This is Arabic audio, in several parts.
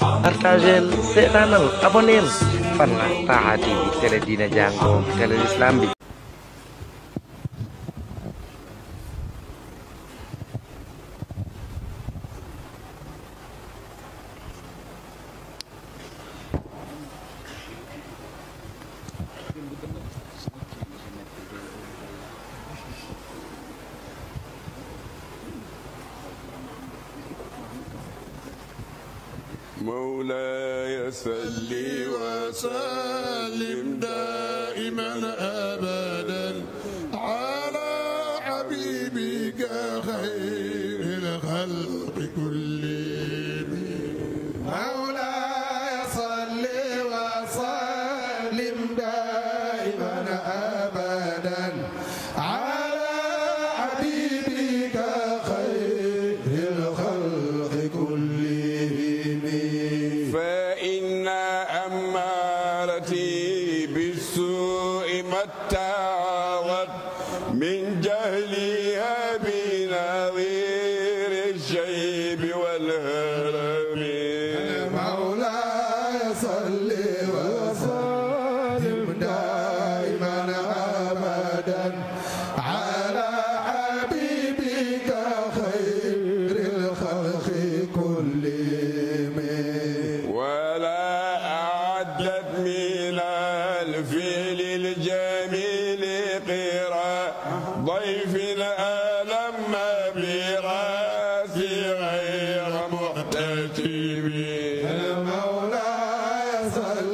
partageel seetaanal fan Fanta TV télé diina jàngoo télé l'islam bi and ever. Azal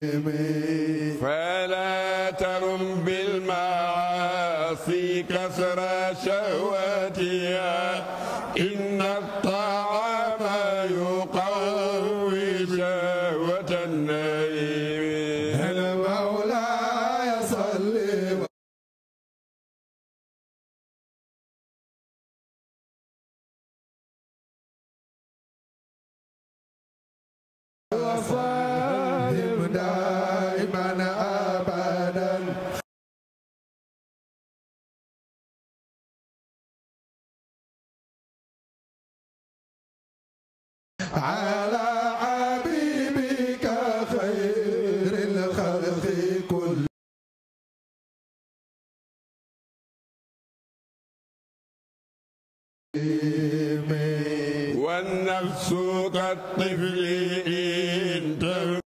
Amen. على حبيبك خير الخلق كل والنفس كالطفل إن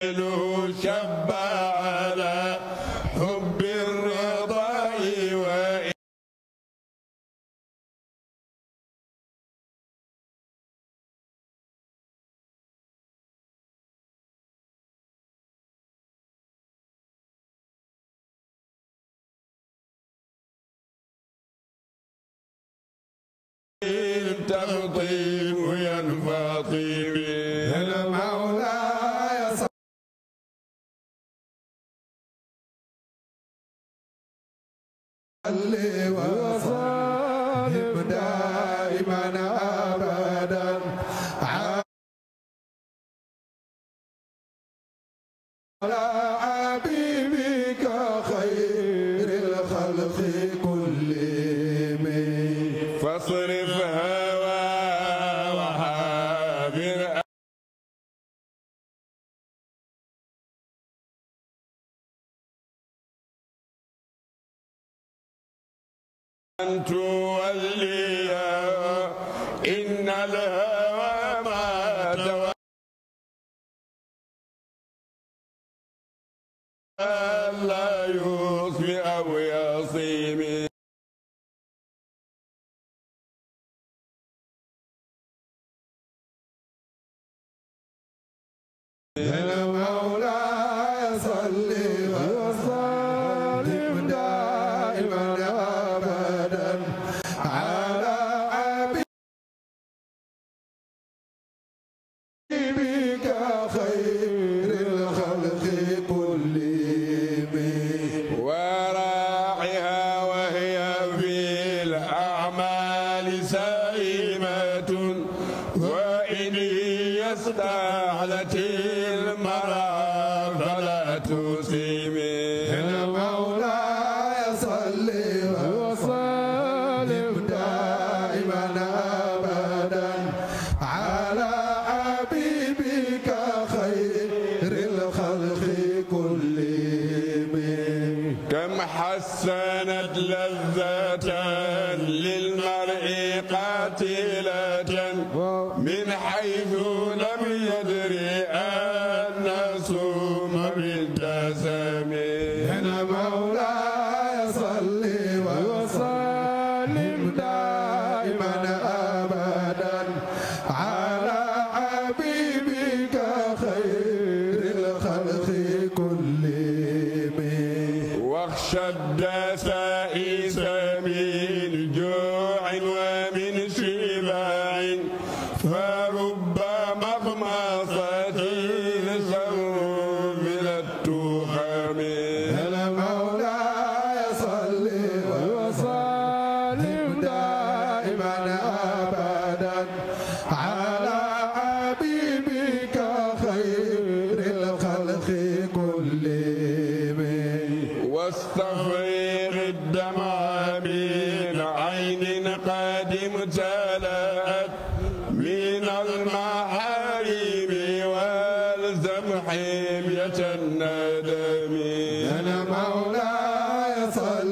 له صل وسلم دائما أن تولي إن الهوى ما تولى لا يطفئ أو يصيب Hello. للماء ma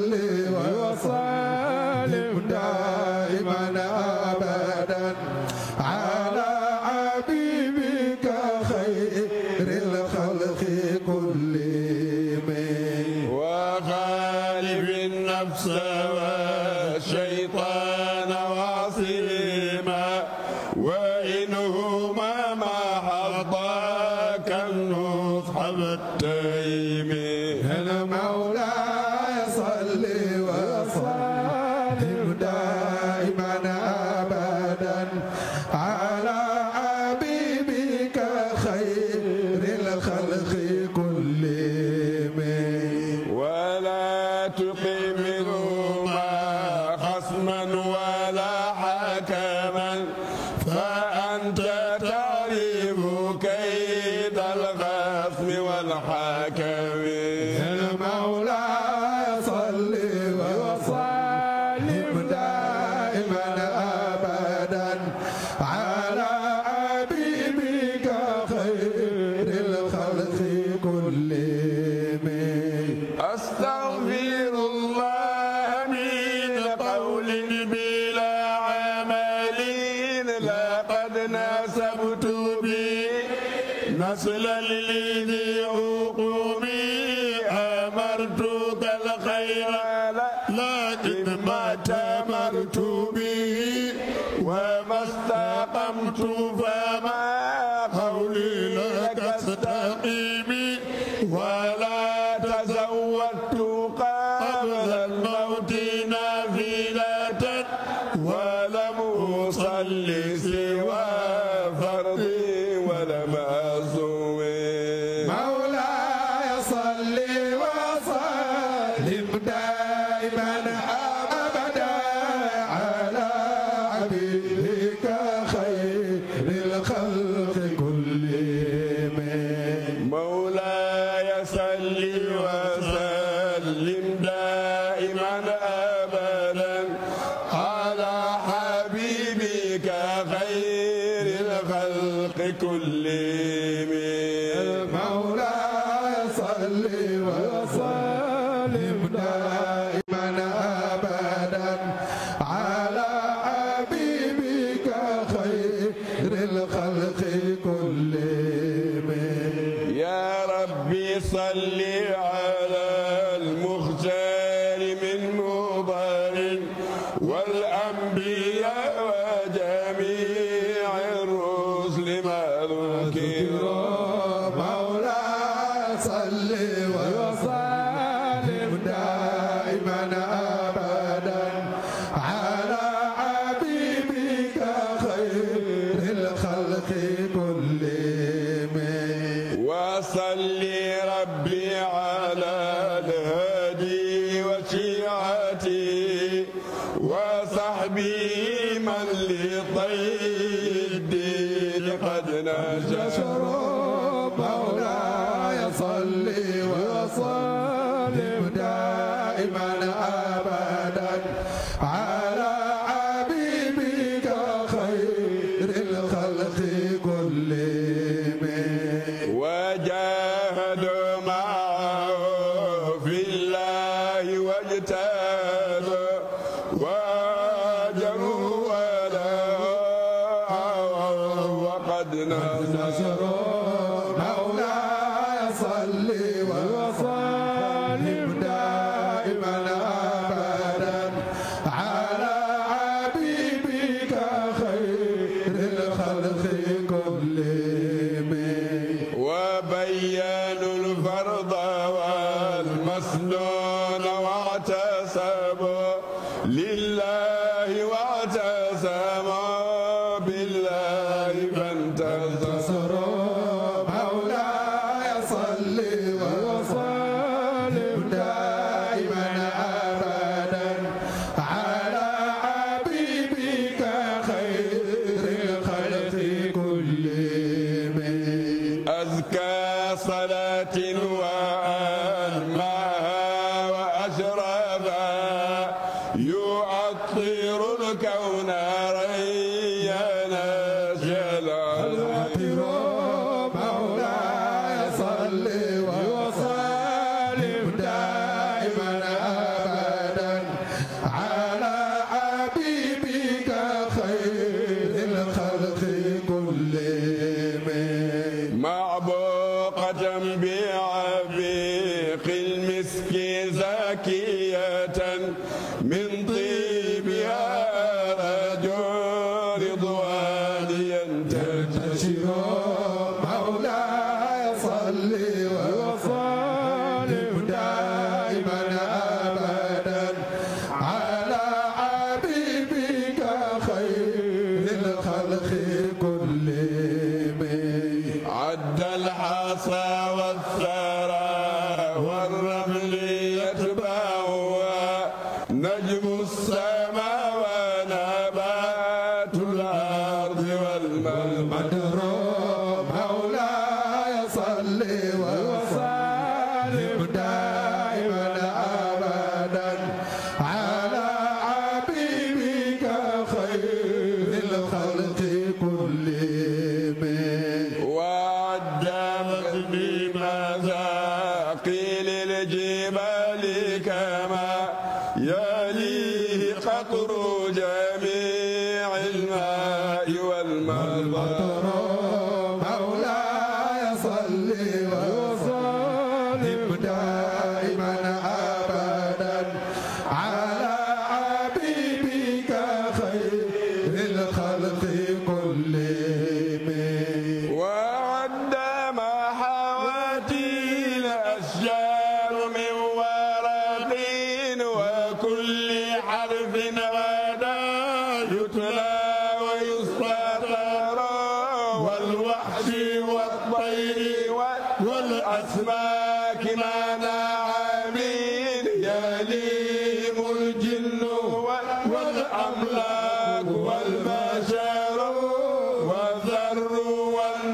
Hallelujah. Medina. الخلق كلهم المولى هذا يعطر الكون Let Dentro de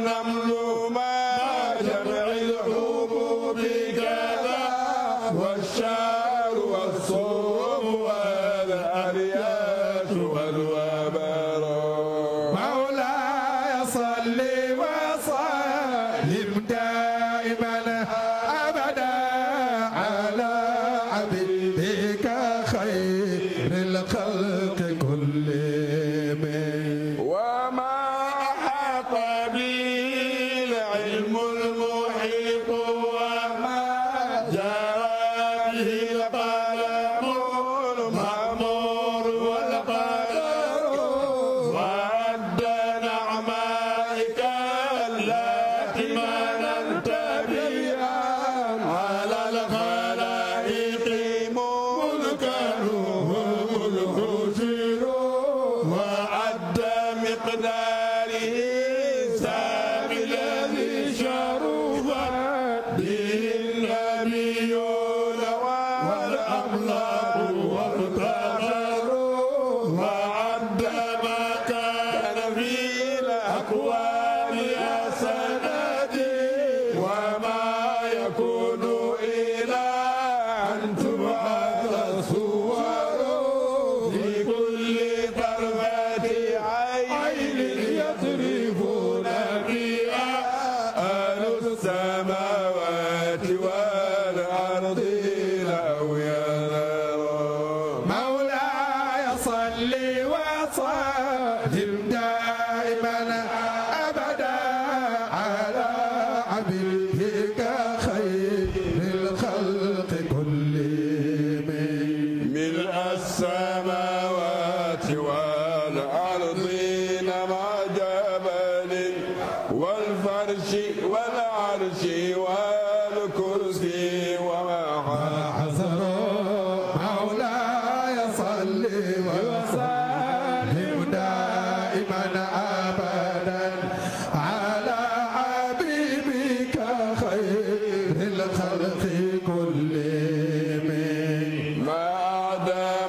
Jahannam Hila Bhai.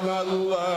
Allah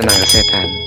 tenaga setan.